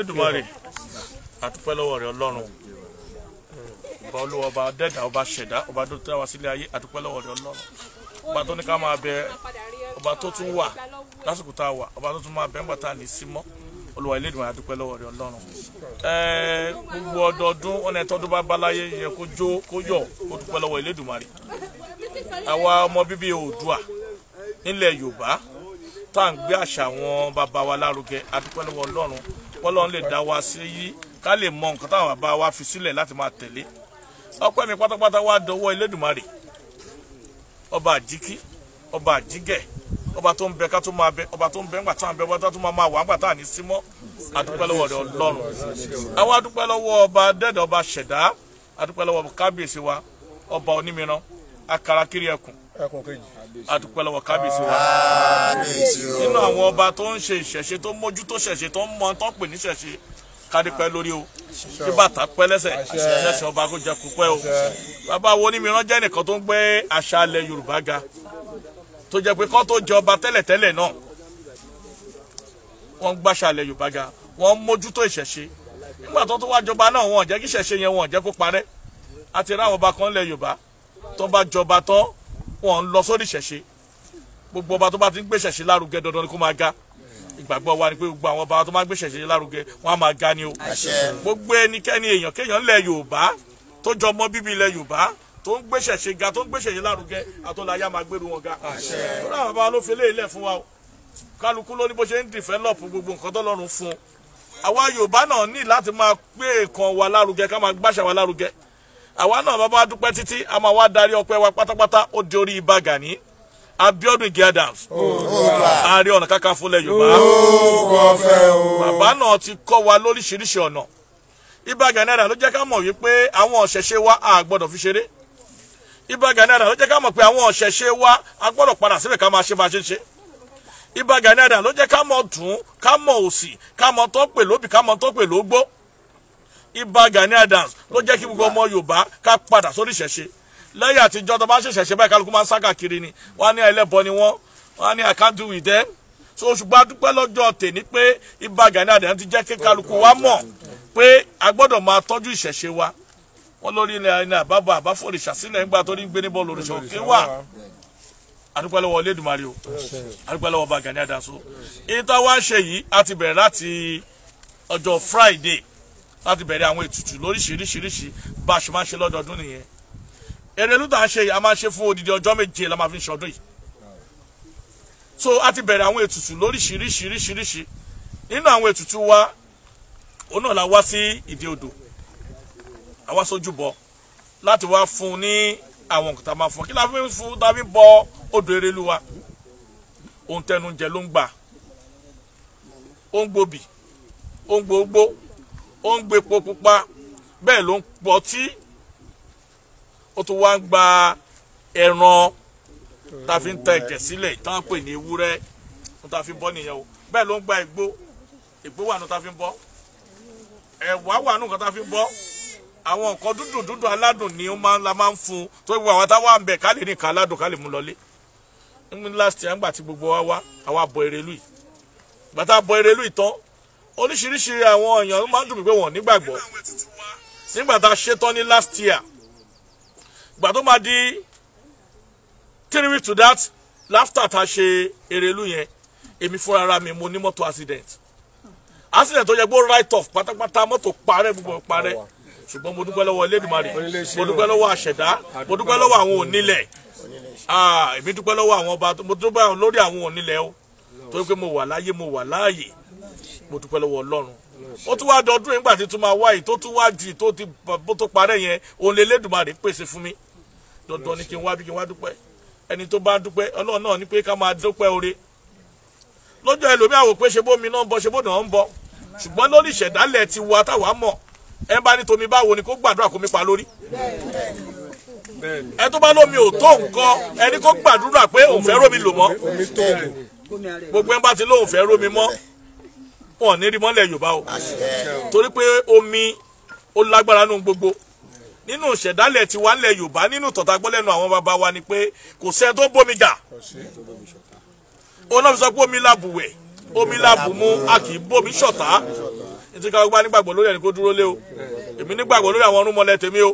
Elédùmarè àtúpẹ́ lọ́wọ́ rẹ ọlọ́run ọba olówó ọba dẹ́dà ọba ṣẹ̀dá ọba tó tẹ́ wa sílé ayé àtúpẹ́ lọ́wọ́ rẹ ọlọ́run ọba tó ní ká máa bẹ ọba tó tún wà lásìkò tá a wà ọba tó tún máa bẹ ńgbà tá a ní sí mọ́ olùwà Elédùmarè àdúpẹ́ lọ́wọ́ rẹ ọlọ́run gbogbo ọdọọdún ọ̀nà ẹ̀tọ́dún bá balaye yẹ kó jó kó yọ̀ kó dúpẹ́ lọ́wọ́ Elédùmarè àwa ọmọ bíbí Oòduà nílẹ̀ Yorùbá tá à ń gbé àṣà àwọn bàbá wa lárugẹ àdúpẹ́ lọ́wọ́ ọlọ́run kọ́lọ́n lè dá wa sí yí ká lè mọ nǹkan táwọn bàbá wa fi sílẹ̀ láti máa tẹ̀lé ọpẹ́ mi pátápátá wá dọwọ́ Elédùmarè ọba àjíkí ọba àjígẹ̀ ọba tó ń bẹ ká tó máa bẹ ọba tó ń bẹ ńgbà tá à ń bẹ ọba tó máa máa wà ńgbà tá à ní símọ́ àdúpẹ́ lọ́wọ́ rẹ Ọlọ́run àwọn àdúpẹ́ lọ́wọ́ ọba dẹ́dẹ̀ ọba ṣẹ̀dá àdúpẹ́ lọ́wọ́ kábíyèsí wa ọba onímìíràn akara kiri ẹkùn àdúpẹ́ lọ́wọ́ kábíyèsí wa nínú àwọn ọba tó ń ṣe ìṣẹ̀ṣe tó mójútó ṣẹ̀ṣe tó ń mọ tó ń pè ní ṣẹ̀ṣe kádìpẹ́ lórí o kí bàtà pẹ́ lẹ́sẹ̀ ṣẹ̀ṣẹ̀ ọba kò jẹ́ kúpẹ́ o bàbá wo ni mìíràn jẹ́ nìkan tó ń gbé àṣà alẹ́ Yorùbá ga tó jẹ́ pé kọ́ tó jẹ ọba tẹ́lẹ̀tẹ́lẹ̀ náà wọ́n ń gbàṣà alẹ́ Yorùbá ga wọ́n ń mójútó ìṣẹ̀ṣe nígbà tó tó wá jọba náà wọ́n jẹ́ kí ìṣẹ̀ṣe yẹn wọ́n jẹ́ kó parẹ́ àti ráwọn ọba kan lẹ́ Yorùbá tó bá jọba tán wọn ń lọ sórí ìṣẹ̀ṣe gbogbo ọba tó bá ti ń gbé ìṣẹ̀ṣe lárugẹ dandan ni kó máa ga ìgbàgbọ́ wa ni pé gbogbo àwọn ọba tó máa ń gbé ìṣẹ̀ṣe lárugẹ wọn á máa ga ni o gbogbo ẹnikẹ́ni èèyàn kéèyàn ńlẹ̀ Yorùbá tó jọ mọ́ bíbí ilẹ̀ Yorùbá tó ń gbéṣẹ̀ṣe ga tó ń gbéṣẹ̀ṣe lárugẹ àtọ́láyà máa gbèrú wọn ga. lórí àwọn bàbá ló fi lé ilẹ̀ fún wa o kálukú ló ní bó ṣe ń dìfẹ́lọ́pù gbogbo nǹkan tó lọ́rùn fún un àwa Yorùbá náà ní àwa náà bàbá dúpẹ́ títí a máa wá darí ọpẹ́ wa pátápátá ó di orí ibà Gani Abiodun Ige Adams Ààrẹ Ọ̀nà Kakanfò ilẹ̀ Yorùbá bàbá náà ti kọ́ wa lóríṣiríṣi ọ̀nà ibà Gani Adams ló jẹ́ ká mọ̀ wípé àwọn ọ̀ṣẹ̀ṣe wa a gbọ́dọ̀ fi ṣeré ibà Gani Adams ló jẹ́ ká mọ̀ pé àwọn ọ̀ṣẹ̀ṣe wa a gbọ́dọ̀ padà síbẹ̀ ká máa ṣe máa ṣe ṣe ibà Gani Adams ló jẹ́ ká mọ̀ dùn ká mọ̀ òsì ká mọ̀ tó pè lóbì ká mọ̀ tó pè lógbó Ìbà Gani dance. ló jẹ́ kí gbogbo ọmọ Yorùbá ká padà sórí ìṣẹ̀ṣe lẹ́yìn àtijọ́ tó bá ṣẹ̀ṣẹ̀ṣe báyìí kálukú máa ń sá kàkiri ni wọ́n á ní ẹlẹ́bọ ni wọ́n wọ́n á ní I can't do with them so ṣùgbọ́n a dúpẹ́ lọ́jọ́ tèmi pé Ìbà Gani Adams ti jẹ́ kí kálukú wa mọ̀ pé a gbọ́dọ̀ máa tọ́jú ìṣẹ̀ṣe wa wọ́n lórí ilẹ̀ ẹni àbábọ̀ àbáfòrìṣà sílẹ̀ ńgbà tó ní gbé níbọ̀ lòrìṣà òkè wà adúpẹ́ lọ́wọ́ Olódùmarè o adúpẹ́ lọ́wọ́ Ìbà Gani Adams o èyí tá ń ṣe yìí a bẹ̀rẹ̀ láti ọjọ́ Friday láti bẹ̀rẹ̀ àwọn ètùtù lóríṣiríṣiríṣi bá a ṣe máa ń ṣe lọ́dọọdún nìyẹn Èrèlú tá à ń ṣe yìí a máa ń ṣe fún odidi ọjọ́ méje la máa fi ń ṣọdún yìí so a ti bẹ̀rẹ̀ àwọn ètùtù lóríṣiríṣiríṣiríṣi nínú àwọn ètùtù wa òun náà la wá sí ìdí odò àwa sójúbọ láti wá fún un ní àwọn nǹkan tá a máa fún kí la fi ń fún tá bọ odò Èrèlú wa òun tẹnu jẹ ló ń gbà ó ń gbòbì ó ń gbòógbò ó ń gbé epo pupa bẹ́ẹ̀ ló ń pọtí ó tún wá ń gba ẹran tá a fi ń ta ẹ̀jẹ̀ sílẹ̀ tá a ń pè ní ewúrẹ́ ló tá a fi ń bọ́ nìyẹn o bẹ́ẹ̀ ló ń gba ìgbó ìgbó wà ló tá fi ń bọ́ ẹ̀wà wà ló tá a fi ń bọ́ àwọn nǹkan dúdùn dúdùn aládùn ni ó máa ń la máa ń fún un tó gbogbo àwọn táwa ń bẹ̀ ká lè ní nǹkan aládùn ká lè mú lọlé ní last year ńgbà tí gbogbo wa wá àwa bọ Erelu yìí gbàtà bọ Erelu yìí tán oríṣiríṣi àwọn èèyàn máa ń dùn mí pé wọ́n nígbàgbọ́ nígbà tá a ṣetán ní last year gbà tó máa di three weeks to that láftà tá a ṣe Erelu yẹn èmi fúnra ara mi mo ní mọ́tò accident accident tó yẹ gbó right off pátápátá mọ́tò parẹ́ gbogbo parẹ́ ṣùgbọ́n mo dúpẹ́ lọ́wọ́ Elédùmarè mo dúpẹ́ lọ́wọ́ àṣẹ̀dá mo dúpẹ́ lọ́wọ́ àwọn onílẹ̀ èmi dúpẹ́ lọ́wọ́ àwọn ọba mo dúpẹ́ lórí àwọn onílẹ̀ o torí pé mo wà láyé mo wà láàyè mo dúpẹ́ lọ́wọ́ ọlọ́run ó tún wá dọdún nígbà tí tún máa wá yìí tó tún wá di tó ti bó tó parẹ́ yẹn òun lè lẹ́dùnmarè pèsè fún mi dandan ni kí n wá bí kí n wá dúpẹ́ ẹni tó bá dúpẹ́ ọlọ́run náà ni pé ká máa dúpẹ́ oore lọ́jọ́ ẹlòmí àwò pé ṣe bómi náà ń bọ ṣe bódà ń bọ ṣùgbọ́n lórí ìṣẹ̀dálẹ̀ ti wa táwa mọ̀ ẹ bá ní tomi báwo ni kó gbàdúrà kó mi pa lórí ẹ tó bá lómi ò tó nǹkan ẹni kó gbàdúrà pé òun fẹ́ rómi lò mọ́ gbogbo ẹ bá ti lóun fẹ́ rómi mọ́ wọn ò ní rí mọ́lẹ̀ yorùbá o torí pé omi ó lágbára nínú gbogbo nínú ìṣẹ̀dálẹ̀ ti wá lẹ̀ yorùbá nínú tọ̀tà gbọ́lẹ́nu àwọn bàbá wa ni pé kò sẹ́ni tó bómi jà òun náà fi sọ pé omi làbùwẹ̀ omi làbùmú a kì í bómi ṣọ̀tá ètò ìka gbogbo anígbàgbọ́ lórí ẹni kó dúró lé o èmi nígbàgbọ́ lórí àwọn ọ̀rúnmọlẹ̀ tèmi o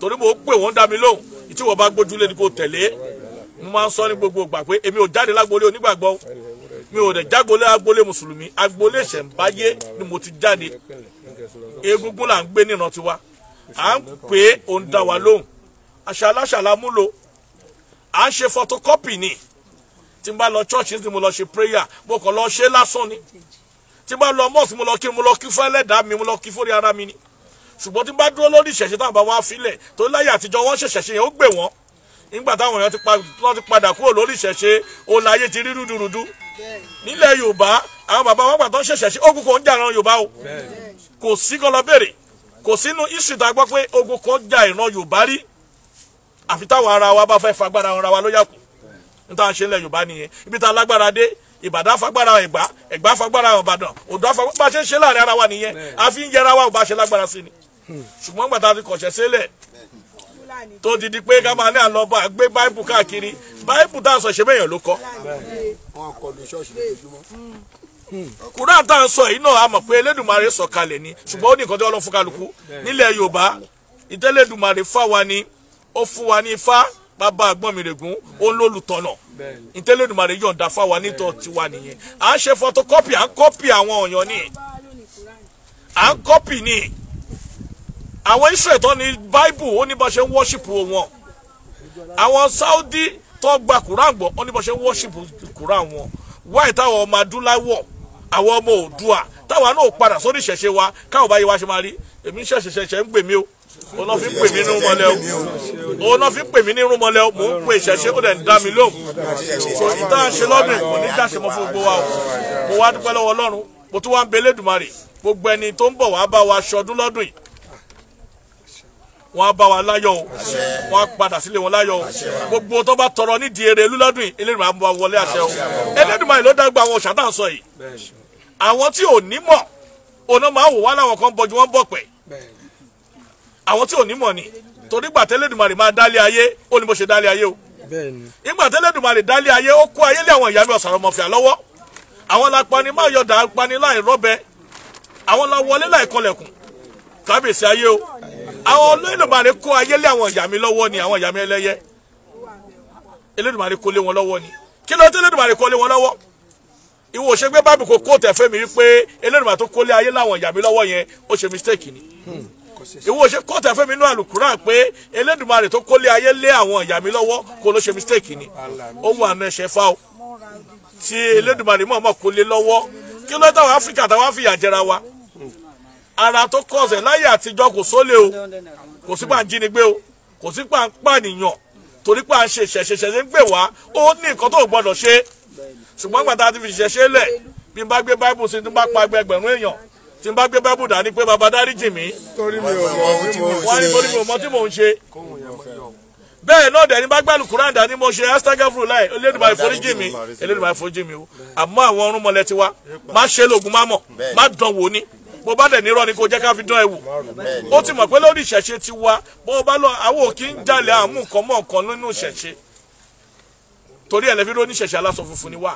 torí mo pè wọ́n dá mi lóhùn ìtí wọ́n bá gbójúlé ni kò tẹ̀lé mo máa ń sọ ní gbogbo ìgbà pé èmi ò jáde lágbolé onígbàgbọ́ mi ò dẹ̀ jágolé agbolé mùsùlùmí agbolé ìṣẹ̀ǹbáyé ni mo ti jáde egungun là ń gbé níran tiwa à ń pè é òun dá wa lóhùn àṣàláṣàlá múlò à ń ṣe photocopy ni tí n bá lọ church ní mo lọ ṣe prayer mo kàn lọ ṣe lásán ni tí n bá lọ mosque mo lọ kí mo lọ kí fún ẹlẹ́dàá mi mo lọ kí fórí ara mi ni ṣùgbọ́n tí n bá dúró lórí ìṣẹ̀ṣe táwọn bá wá filẹ̀ tó láyé àtijọ́ wọ́n ṣẹ̀ṣẹ̀ṣe yẹn ó gbè wọ́n nígbà táwọn èèyàn ti padà kúrò lórí ìṣẹ̀ṣe òun láyé ti rí rúdurùdu nílẹ̀ yorùbá àwọn bàbá wọn gbàtọ́ ṣẹ̀ṣẹ̀ṣe ogun kò ń jà ìran yorùbá o kò sí kọ́ lọ bèrè kò sínú issue tá a gbọ́ pé ogun kò ń jà ìran yorùbá rí àfi táwọn ara wa bá fẹ́ fagbára ara wa ló yàkù níta ṣe ń lẹ̀ yorùbá nìyẹn ibi tá a lágbára dé ìbàdàn fagbára ẹ̀gbá ẹ̀gbá fagbára ìbàdàn òdò afagbára ṣe ń ṣe láàrin ara wa nìyẹn àfi ń yẹra wa ò bá ṣe lágbára sí ni ṣùgbọ́n gbàtà ti kọ̀ṣẹ́ sílẹ̀ tó ti di pé ká máa ní àlọ́bọ̀ àgbé báìbù káàkiri báìbù tá a sọ ṣe mẹ́yàn ló kọ́. kùrán tá à ń sọ yìí náà a mọ̀ pé elédùnmarè sọ kalẹ̀ ni ṣùgbọ́n ó ní nǹkan tí wọ́n lọ fún kálukú nílẹ̀ yorùbá ìtẹ́lẹ̀dùnmarè fáwa ni ó fún wa ní ifá bàbá àgbọ̀n mi règún òun ló lùtọ̀nà ìtẹ́lẹ̀dùnmarè yọ̀ǹda fáwa nítọ̀ tiwa nìyẹn à ń ṣe photocopy à ń kọ́pì àwọn ọ̀yàn ni à ń kọ́pì ni àwọn Israel tó ní Bible ó ní bá ṣe ń wọ́ṣìpù wọn àwọn Saudi tó gba Quran gbọ́ ó ní bá ṣe ń wọ́ṣìpù Quran wọn wáyé táwọn ọmọ adúláwọ̀ àwọn ọmọ òdua táwọn náà padà sórí ìṣẹ̀ṣe wa káwọn báyìí wá ṣe máa rí èmi ń ṣẹ̀ṣẹ̀ ṣẹ̀ṣẹ̀ ń gbè mí o òun náà fi ń pè mí nínú mọ́lẹ́ o òun náà fi ń pè mí nínú mọ́lẹ́ o mò ń pè ìṣẹ̀ṣe ó dẹ̀ ń dá mi lóhùn so ìta ń ṣe lọ́dún kò ní jáṣe mọ́ fún gbogbo wa o mo wá dúpẹ́ lọ́wọ́ Ọlọ́run mo tún wá ń belé dùmarè gbogbo ẹni tó ń bọ̀ wá bá wa ṣọdún lọ́dún yìí wọn á bá wa láyọ̀ o wọn á padà sílé wọn láyọ̀ o gbogbo tó bá tọrọ nídìí eré lúlọ́dún Elédùmarè àmọ́ wọlé àṣẹ o Elédùmarè ló dágbà àwọn òṣàtà sọ yìí àwọn tí ò ní mọ̀ ọ̀nà máa wò wá láwọn kan bọjú wọn bọ̀ pẹ̀ àwọn tí ò ní mọ̀ ni torí gbà tí Elédùmarè máa dálé ayé ó ní mo ṣe dálé ayé o ìgbà tí Elédùmarè dálé ayé ó kó ayé lé àwọn ìyá mi ọ̀sán ọmọfìà lọ́wọ́ àwọn la máa yọ̀dà àwọn olóyìnbàrè kó ayélé àwọn ìyá mi lọ́wọ́ ni àwọn ìyá mi ẹlẹ́yẹ Elédùmarè kó lé wọn lọ́wọ́ ni kí ló dé Elédùmarè kó lé wọn lọ́wọ́ ìwọ ò ṣe gbé báàbù kó kóòtù ẹ̀fẹ́ mi wípé Elédùmarè tó kólé ayé láwọn ìyá mi lọ́wọ́ yẹn ó ṣe mistake ni hmm, ìwọ ò ṣe kóòtù ẹ̀fẹ́ mi inú àlùkùrán pé Elédùmarè tó kólé ayé lé àwọn ìyá mi lọ́wọ́ kó ló ṣe mistake ni ohun àna ẹ̀ṣẹ̀ fa o tí Elédùmarè mọ̀ọ́mọ̀ kólé lọ́wọ́ kí ló dé àwọn Áfíríkà táwọn á fìyà jẹra wa ara tó kọ̀ọ̀sẹ̀ láyé àtijọ́ kò sólè o kò sí pà ń jínigbé o kò sí pà ń pànìyàn torí pà ń ṣe ṣẹ̀ṣẹ̀ṣẹ̀ ń gbè wá ó ní nǹkan tó gbọ́dọ̀ ṣe ṣùgbọ́n gbàtà ti fi ṣẹ̀ṣẹ̀ lẹ̀ bí n bá gbé báíbù sí i tí n bá pa ẹgbẹ̀rún èèyàn tí n bá gbé báíbù dání pé baba dáríjì mi wọ́n ní torí mi ò mọ tí mò ń ṣe bẹ́ẹ̀ náà dẹ̀ ní bá gbàlù kúrán dání mo ṣe astagafuru láì elédùnmá ìforíjì mi elédùnmá ìforíjì mi o àmọ́ àwọn ọrùn mọ̀lẹ́ ti má ṣe lóògùn má mọ̀ má dán wò ní bó bá dẹ̀ nírọ́ ni kò jẹ́ ká fi dán ẹ wò ó ti mọ̀ pé lórí ìṣẹ̀ṣe ti wá bó bá lọ àwọn òkè ń jalè àmú nǹkan mọ́ nǹkan nínú ìṣẹ̀ṣe torí ẹ̀ lẹ́fi lóní ìṣẹ̀ṣe aláṣọ funfun ni wá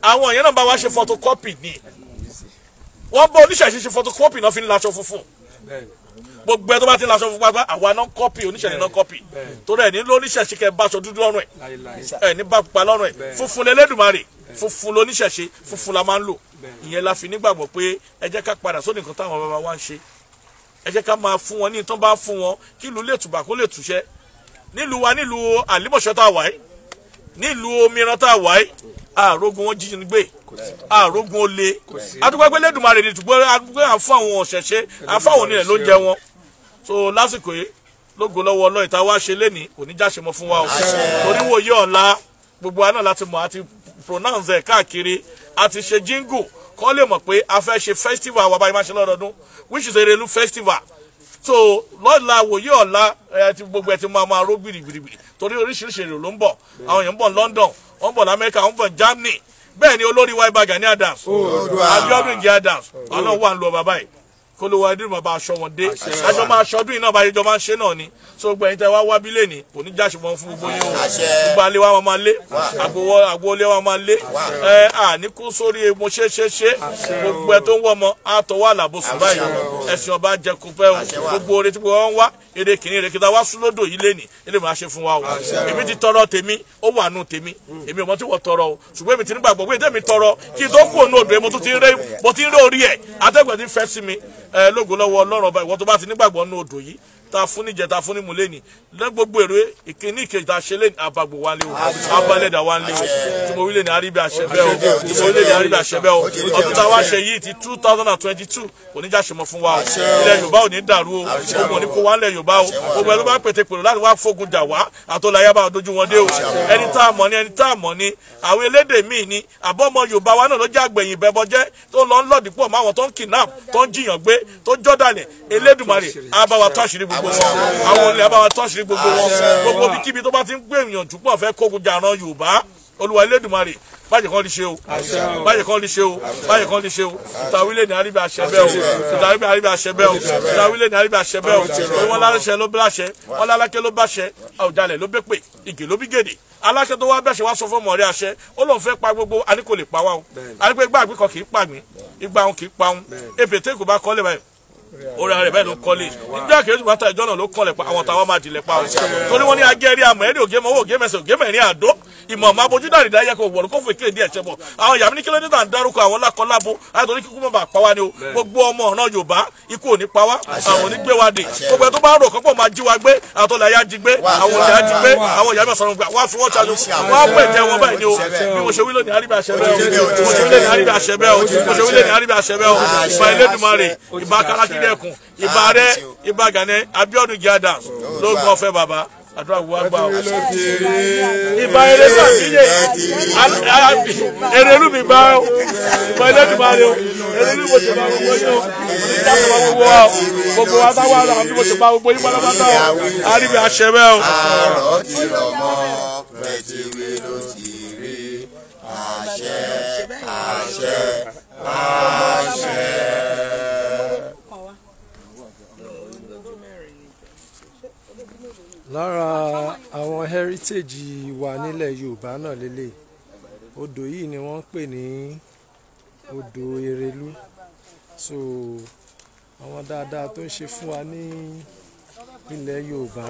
àwọn èèyàn náà bá wá ṣe photocopy ni wọ́n bá oníṣẹ̀ṣe ṣe photocopy náà fi ń laṣọ funfun gbogbo ẹ tó bá ti laṣọ fún pápá àwa náà kọ́pì oníṣẹ̀ṣẹ̀ náà kọ́pì torí ẹ̀ ní lóníṣẹ̀ṣẹ̀ kẹ́ bá aṣọ dúdú lọ́rùn ẹ̀ ẹ̀ ní bá pupa lọ́rùn ẹ̀ funfun lẹ́lẹ́dùnmarè funfun lóníṣẹ̀ṣẹ̀ funfun la máa ń lò ìyẹn la fi nígbàgbọ́ pé ẹ jẹ́ ká padà sóde nǹkan táwọn bàbá wa ń ṣe ẹ jẹ́ ká máa fún wọn ní ìtàn bá fún wọn kí ìlú lè tùbà kó lè túṣẹ́ nílùú wa nílùú àlìmọ̀ṣọ́ tá a wà yìí nílùú omiran tá a wà yìí àrógun wọn jíjìn gbé àrógun olè adúgbò Elédùmarè ni tùgbọ́ adúgbò àfọ àwọn ọ̀ṣẹ̀ṣẹ̀ àfọ àwọn onílẹ̀ ló ń jẹ wọn so lásìkò yìí lógo lọ́wọ́ ọlọ́ọ̀ta wá ṣe lénìí kò ní jáṣe mọ́ fún wa o torí wòye ọ̀la gbogbo wa náà láti mọ̀ àti pronounce ẹ̀ káàkiri àti ṣe jingle kọ́ lè mọ̀ pé a fẹ́ ṣe festival wa báyìí máa ṣe lọ́dọọdún which is Erelu festival so lọ́la wòye ọ̀la ẹ ti gbogbo ẹ ti máa máa ró gbìrìgbìrì torí oríṣiríṣi èrò ló ń bọ̀ àwọn èèyàn ń bọ̀ London wọ́n ń bọ̀ ní Amẹ́ríkà wọ́n ń bọ̀ Germany bẹ́ẹ̀ ni olórí wa Ìbà Gani Adams Abíọ́dún Ìjẹ́ Adams ọlọ́run wà ń lọ bàbá yìí kólówó ẹdínwó bá aṣọ wọn dé àjọ máa ṣọdún iná bá ìjọba ń ṣe náà ni tó gbẹ ìtẹ wá wábí lè ní kò ní jáṣe wọn fún gbogbo yín o gbogbo alẹ́ wa máa lé agboolé wa máa lé ẹ àní kú sórí mo ṣe ṣe ṣe gbogbo ẹ tó ń wọ ọmọ àtọwọ́ àlàbòsùn báyìí ẹ̀sìn ọba jẹ kó pẹ́ o gbogbo oore tí wọ́n ń wá èdè kìíní èdè kìíní wá súlódò yìí lé ní èdè máa ṣe fún wa o èmi ti tọrọ tèmi ó wà nù tèmi èmi ọmọ tí wọ́n tọrọ o ṣùgbọ́n èmi ti nígbàgbọ́ pé èdè mi tọrọ kí n tó kú òun odò mo ti ń ré orí ẹ̀ atẹ́gbẹ̀ẹ́ ti fẹ́ sí mi lógo lọ́wọ́ ọlọ́run ọba ìwọ tó bá ti nígbàgbọ́ nínú odò yìí ta fún níjẹ ta fún nímú lẹ́ni lẹ́n gbogbo èrè ìkíní ìkejì ta ṣe lẹ́ni lé o abalẹ̀dà wa lé o tí mo wí lẹ́ni àríbi àṣẹbẹ́ o tí mo wí lẹ́ni àríbi àṣẹbẹ́ o ọdún tá a wá ṣe yìí ti two thousand and twenty two oníjà ṣe mọ̀ fún wa o ilẹ̀ yorùbá ò ní dàrú o ogun ò ní kó wá lẹ̀ yorùbá o ogun ẹlú bá pètè pèrò láti wá fógun jà wá àtọ́láyábá dojú wọn àwọn olè àbáwá tọ́sí gbogbo wọn gbogbo bíkíbi tó bá ti ń gbé ìyànjú pọ̀ fẹ́ kógun jà ran Yorùbá Olúwa Elédùmarè bájẹ̀ kan lè ṣe o bájẹ̀ kan lè ṣe o bájẹ̀ kan lè ṣe o ìtàwílẹ̀ ní àríbẹ̀ àṣẹbẹ̀ o ìtàwílẹ̀ ní àríbẹ̀ àṣẹbẹ̀ o ìtàwílẹ̀ ní àríbẹ̀ àṣẹbẹ̀ o owó aláṣẹ ló bláṣẹ ọlálákẹ́ ló báṣẹ àwùjalẹ̀ ló bẹ́ pè ìgè ló bí gèdè aláṣẹ tó wá bẹ̀ṣẹ̀ wá sọ fún mọ̀rẹ́ àṣẹ ó lóun fẹ́ pa gbogbo àní kò lè pa wá o àní pé gbàgbé kan kì í pàgbín ìgbà òun kì í pa òun èpè tó ìkó bá kọ́ lè báyìí orí ara rẹ̀ báyìí ló kọ́lé nígbà kérésì bàtà ìjọ náà ló kọ́lẹ̀ pa àwọn táwọn máa dìlẹ̀ pa o torí wọ́n ní agẹ́rí amọ̀ ẹ̀rí ògé mọ́wọ́ ògé mẹ́sẹ̀ ògé mẹ́rin àdó ìmọ̀ máa bójú dàrí dáyẹ kò wọ̀rọ̀ kó fò kéde ẹ̀ṣẹ̀ bọ̀ àwọn ìyá mi ní kílódé tàn dárúkọ àwọn lákọlábo àtòrí kíkú mọ̀bà pa wá ni o gbogbo ọmọ ọ̀nà Yorùbá ikú ò ní pa wá àwọn onígbé wa dè gbogbo ẹ̀ tó bá rò kọ́pọ̀ máa jí wa gbé àtọ́lẹ̀ ayá jí gbé àwọn ìyá jí gbé àwọn ìyá mi sọ̀rọ̀ gbà wá fún wọn ṣáájú wá pẹ̀ jẹ́ wọn báyìí ni o bí mo ṣe wí lónìí àríbí àṣẹ bẹ́ẹ̀ o mo àdúrà wo agbá o. ìbá eré sàbíyè eré olúmi bá o ìbá eré olúmi bá o eré olúmi bòtò bá gbogbo yín o ìjà bàbá gbogbo wa o gbogbo wa bá wà lọ́wọ́ bí bòtò bá gbogbo yín pátápátá o àríbi àṣẹ bẹ́ẹ̀ o. àrò ti rọ̀ mọ́ pẹ̀tìrì ló ti rí àṣẹ àṣẹ. heritage wa nílẹ̀ Yorùbá náà lélẹ̀ odò yìí ni wọ́n ń pè ní odò Erelú so àwọn dáadáa tó ń ṣe fún wa ní ilẹ̀ Yorùbá